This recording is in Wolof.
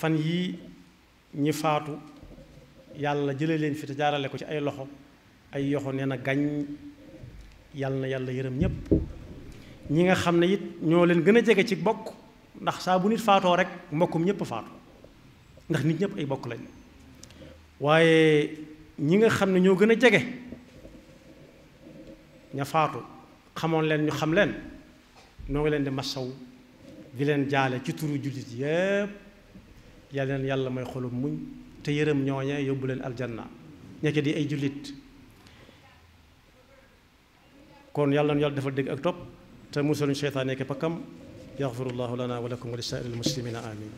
fan yii ñi faatu yàlla jële leen fi te jaarale ko ci ay loxo ay yoxo nee na gañ yàlla na yàlla yërëm ñépp ñi nga xam ne it ñoo leen gën a jege ci bokk ndax saa bu nit faatoo rek mbokkum ñépp faatu ndax nit ñépp ay bokk lañ waaye ñi nga xam ne ñoo gën a jege ña faatu xamoon leen ñu xam leen noo ngi leen di masaw di leen jaale ci turu jullit yépp yàlla yàlla mooy xolu muñ te yërëm ñooña yóbbu leen aljanna ñekk di ay jullit kon yàlla na yàlla defal dégg ak topp te musaluñ seytaane nekk pakkam yaxfirullahu lana wa lakum wa li saa'iril muslimina amin